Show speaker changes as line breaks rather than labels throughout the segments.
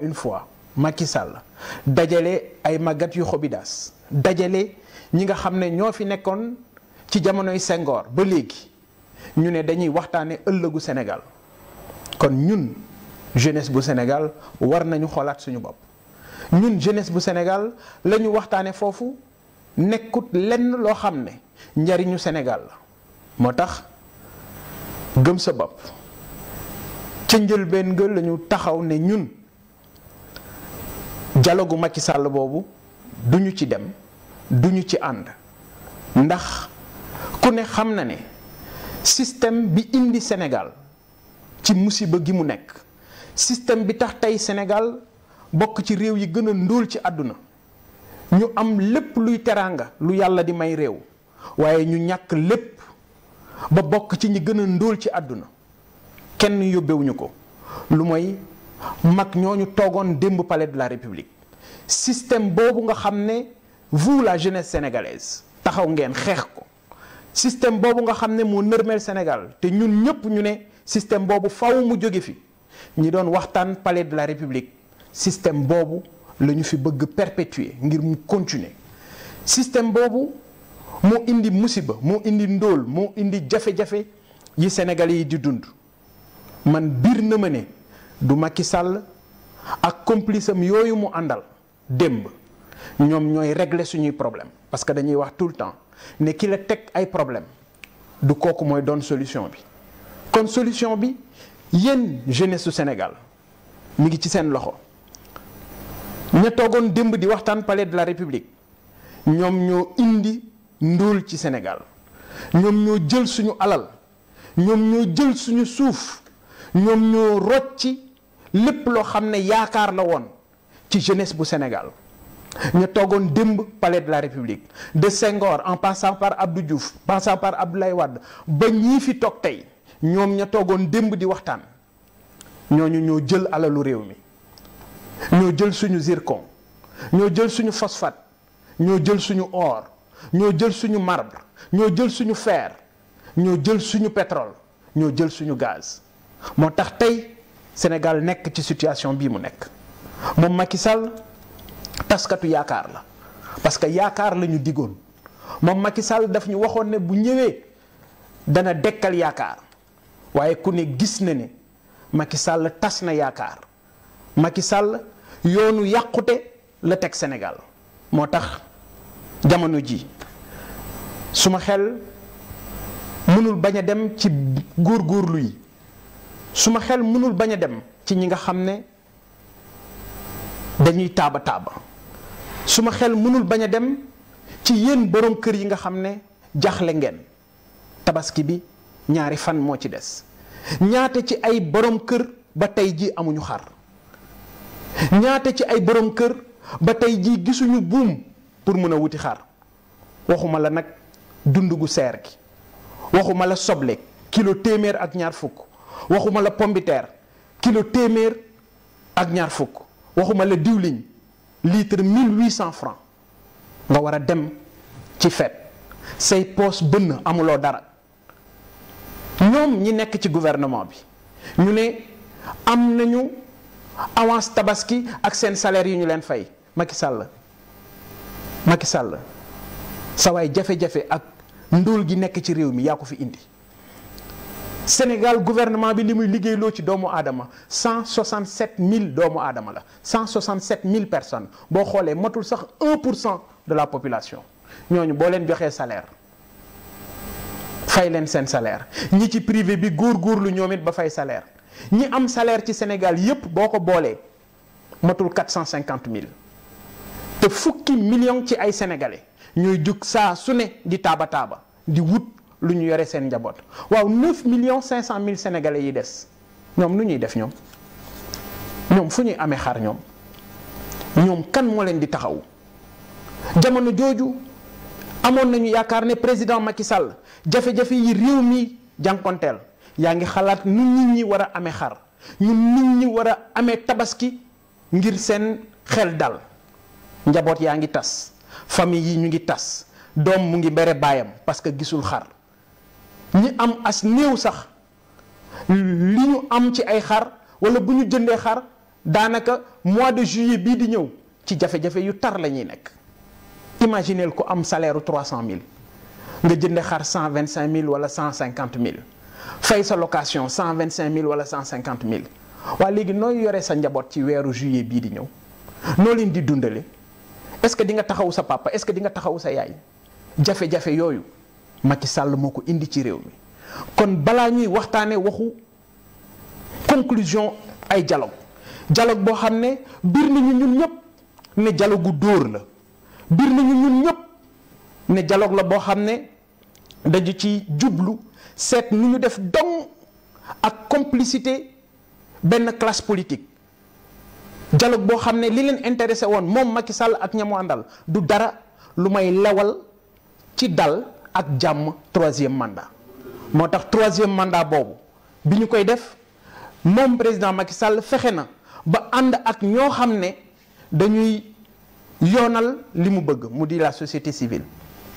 une fois Macky la dajale ay màggat yu xobidaas dajale ñi nga xam ne ñoo fi nekkoon ci jamonoy sengoor ba léegi ñu ne dañuy waxtaane ëllëgu senegal kon ñun jeunesse bu senegal war nañu xoolaat suñu bopp ñun jeunesse bu senegal lañu ñu waxtaane foofu nekkut lenn loo xam ne njariñu senegal la moo tax gëm sa bopp ca njëlbeen nga la taxaw ne ñun dialogu Macky Sall boobu duñu ci dem duñu ci ànd ndax ku ne xam na ne système bi indi Sénégal ci musiba gi mu nekk système bi tax tey senegal bokk ci réew yi gën a ndóol ci àdduna ñu am lépp luy teraanga lu yàlla di may réew waaye ñu ñàkk lépp ba bokk ci ñi gën a ndóol ci àdduna kenn yóbbewuñu ko lu mooy mag ñu toogoon démb pale de la république système bobu nga xamné vous la jeunesse sénégalaise taxaw ngeen xeex ko système bobu nga xamné mo moo Sénégal té ñun ñëpp ñu système bobu faaw mu joggé fi ñi doon waxtaan palais de la République système bobu lañu fi bëgg perpétuer ngir mu continuer système bobu mo indi musiba mo indi ndol mo indi jafe-jafe yi Sénégalais yi di dund man bir na ma du Macky Sall ak complice am yoyu mu andal démb ñom ñoy régler suñuy problème parce que dañuy wax tout le temps ne ki la tek ay problème du kooku moy donne solution bi kon solution bi yéen jeunesse Sénégal mi ngi ci sen loxo ña togon demb di waxtan palais de la République ñom ñoo indi ndóol ci Sénégal ñom ñoo jël suñu alal ñom ñoo jël suñu suuf ñom ñoo rocci lepp lo xamné yaakar yaakaar la woon jeunesse pour Sénégal ñu dans le palais de la République de Senghor en passant par Abdou Diouf passant par Abdoulaye Wad, ba ñii fi le palais de di dans le palais jël Nous sommes phosphate jël suñu or jël suñu marbre ñoo jël suñu fer ñoo jël suñu pétrole jël gaz moo Sénégal n'est ci situation bi moom Macky Sall taskatu yaakaar la parce que yaakaar lañu ñu digoon moom Macky Sall daf ñu waxoon ne bu ñëwee dana dekkal yaakaar waaye ku ne gis na ne Macky Sall tas na yaakaar Macky Sall yoonu yàqute la teg senegal moo tax jamono ji suma xel mënul bañ a dem ci góorgóorlu yi suma xel mënul bañ a dem ci ñi nga xam ne dañuy taaba taaba su ma xel mënul bañ a dem ci yéen borom kër yi nga xam ne jaxle ngeen tabaski bi ñaari fan moo ci des ñaata ci ay borom kër ba tey ji amuñu xar ñaata ci ay borom kër ba tey ji gisuñu buum pour mën a wuti xar waxuma la nag dund gu seer gi waxuma la soble kilo téeméer ak ñaar fukk waxuma la pombiteer kilo téeméer ak ñaar fukk waxuma la diwliñ litre 1800 francs nga war a dem ci fet say poos bënn amuloo dara ñoom ñi nekk ci gouvernement bi ñu ne am nañu avance tabaski ak seen salaire yu ñu leen fay Macky Sall Macky Sall sa waay jafe-jafe ak ndóol gi nekk ci réew mi yaa ko fi indi Sénégal gouvernement bi li muy liggéeyloo ci doomu aadama 167000 doomu aadama la 167000 personnes boo xoolee matul sax 1 de la population ñooñu boo leen joxee salaire fay leen seen salaire ñi ci privé bi gourgour lu ñoomit ba fay salaire ñi am salaire ci Sénégal yépp boko bolé boolee matul 450000 te fukki million ci ay sénégalais ñoy jug saa suné di taaba taaba di wut. lu ñu jabot, seen njaboot waaw 9 millions 500 mille sénégalais yi des ñoom lu ñuy def ñoom ñoom fu ñuy amee xar ñoom ñoom kan moo leen di taxaw jamono jooju amoon nañu yaakaar ne président Macky Sall jafe-jafe yi réew mi jànkonteel yaa ngi xalaat nu nit ñi war a xar ñu nit ñi tabaski ngir sen xel dal njaboot yaa ngi tas famille yi ñu ngi tas doom mu ngi bere baayam parce que gisul xar ñi am as néew sax li ñu am ci ay xar wala bu ñu jëndee xar daanaka mois de juillet bii di ñëw ci jafe-jafe yu tar la ñuy nekk imagineel ko am salaire u mille nga jënde xar 125000 wala 150000 fay sa location 125000 wala 150000 waa léegi nooy yore sa njaboot ci weeru juillet bii di ñëw noo leen di dundale est-ce que di nga taxaw sa papa est-ce que di nga taxaw sa yaay jafe-jafe yooyu. Macky Sall moko indi ci réew kon bala ñuy waxtane waxu conclusion ay dialogue dialogue bo xamne bir nañu ñun ñep ne dialogue door la bir nañu ñun ñep ne dialogue la bo xamne dajju ci djublu set nu ñu def dong ak complicité ben classe politique dialogue bo xamne li leen intéressé won mom Macky Sall ak ñamu andal du dara lumay lawal ci dal ak jam troisième mandat motax troisième mandat bobu biñu koy def mom président Macky Sall fexe ba and ak ño xamné dañuy yonal limu bëgg mu di la société civile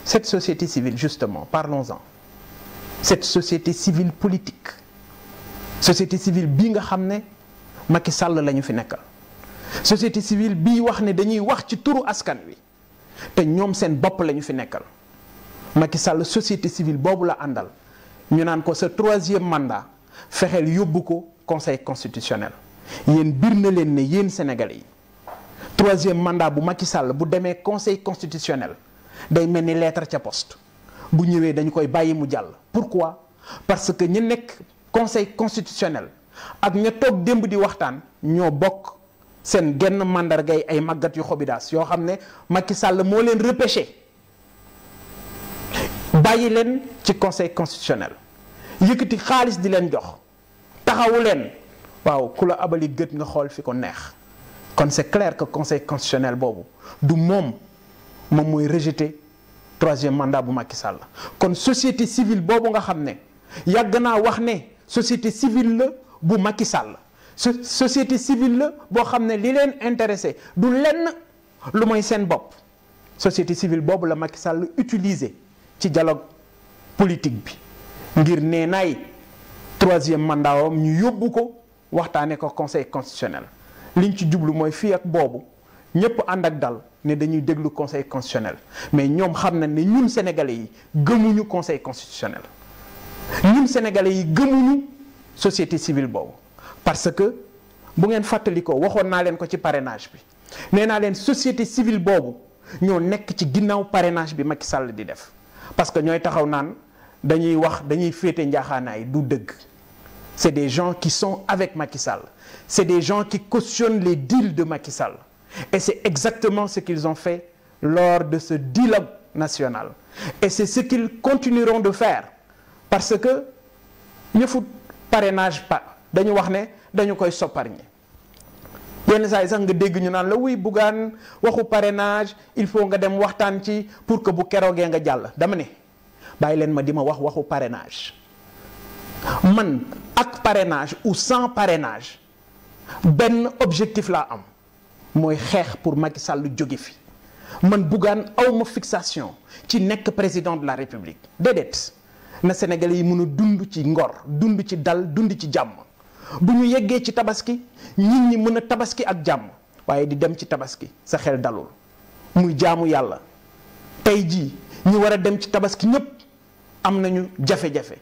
cette société civile justement parlons-en cette société civile politique société civile bi nga xamné ne Macky la fi nekkal société civile bi wax ne dañuy wax ci turu askan wi té ñom seen bop lañu fi nekkal Macky Sall société civile bobu la andal ñu naan ko sa troisième mandat fexel yóbbu ko conseil constitutionnel yeen birna len ne yeen sénégalais troisième mandat bu Macky Sall bu démé conseil constitutionnel day melni lettre ci poste bu ñëwé dañ koy bayyi mu jall pourquoi parce que ñu nek conseil constitutionnel ak ña tok demb di waxtaan ñoo bokk seen genn gay ay magat yu xobidaas yo xamné ne Macky Sall repêché bàyyi ci conseil constitutionnel yëkëti xaaliss di leen jox taxawu waaw ku la abali gët nga xool fi ko neex kon c'est clair que conseil constitutionnel boobu du moom moom mooy rejeté troisième mandat bu Macky Sall kon société civile boobu nga xam ne yàgg naa wax ne société civile la bu Macky Sall société civile la boo xam ne li leen intéressé du lenn lu mooy seen bopp société civile boobu la Macky Sall utiliser ci dialogue politique bi ngir nee troisième mandat ñu yobbu ko waxtane ko conseil constitutionnel liñ ci djublu moy fi ak bobu ñepp ànd ak dal né dañuy déglu conseil constitutionnel mais ñom xam na ne ñun sénégalais yi gëmuñu conseil constitutionnel ñun sénégalais yi gëmuñu société civile bobu parce que bu ngeen fàttalikoo waxoon na len ko ci parrainage bi néna len société civile bobu ñoo nek ci ginnaw parrainage bi Macky Sall di def parce que nous avons c'est des gens qui sont avec Macky Sall c'est des gens qui cautionnent les deals de Macky Sall et c'est exactement ce qu'ils ont fait lors de ce dialogue national et c'est ce qu'ils continueront de faire parce que nous parrainage de ne ben saa sax nga dégg ñu naan la wuy Bougane waxu parrainage il faut nga dem waxtaan ci pour que bu keroogee nga jàll dama ne bàyyi leen ma di wax waxu parrainage man ak parrainage ou sans parrainage ben objectif laa am mooy xeex pour Macky Sall jóge fi man Bougane awma fixation ci nekk président de la République déedéet na Sénégalais yi mën a dund ci ngor dund ci dal dund ci jàmm bu ñu yeggee ci tabaski nit ñi mëna tabaski ak jamm waaye di dem ci tabaski sa xel dalul muy jaamu yalla tay ji ñi wara dem ci tabaski ñep am nañu jafe-jafe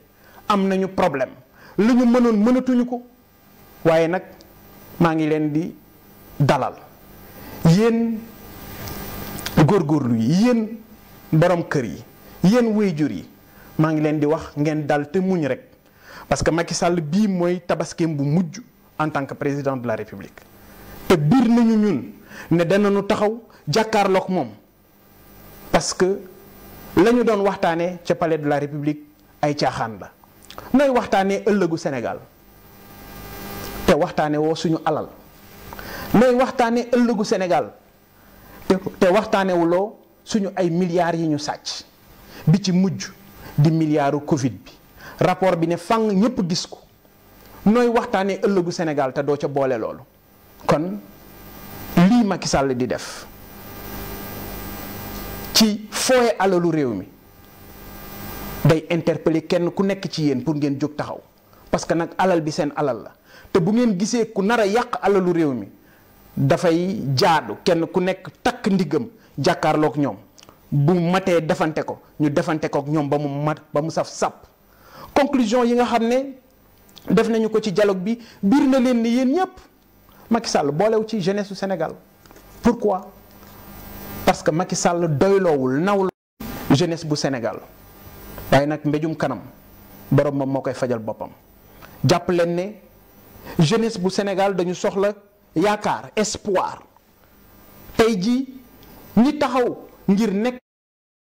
am nañu problème lu ñu mënatuñu ko waaye nak ma ngi di dalal yen gor yen yeen borom kër yi yeen wayjur yi ma ngi di wax ngeen dal te muñ rek parce que Macky Sall bii mooy tabaskeem bu mujj en tant que président de la république te biir nañu ñun ne danañu taxaw jàkkaarloog moom parce que la ñu doon waxtaanee ca palais de la république ay caaxaan la nooy waxtaanee ëllëgu Sénégal te waxtaane woo suñu alal nooy waxtaanee ëllëgu Sénégal te waxtaanewuloo suñu ay milliards yi ñu sàcc bi ci mujj di milliardu Covid bi. rapport bi ne fang ñëpp gis ko nooy waxtaanee ëllëgu Sénégal te doo ca boole loolu kon lii Macky sàll di def ci fooye alalu réew mi day interpeller kenn ku nekk ci yéen pour ngeen jóg taxaw parce que nag alal bi seen alal la te bu ngeen gisee ku nar a yàq alalu réew mi dafay jaadu kenn ku nekk takk ndiggam jàkkaarlook ñoom bu matee defante ko ñu defante ko ak ñoom ba mu mat ba mu saf sàpp conclusion yi nga xamné ne def nañu ko ci dialogue bi biir na leen ni yeen ñep Macky Sall ci jeunesse du Sénégal pourquoi parce que Macky Sall doyloowul nawul jeunesse bu Sénégal waaye nak mbéjum kanam borom mom mokay fajal bopam japp len ne jeunesse bu Sénégal dañu soxla yaakaar espoir tay ji ñi taxaw ngir nek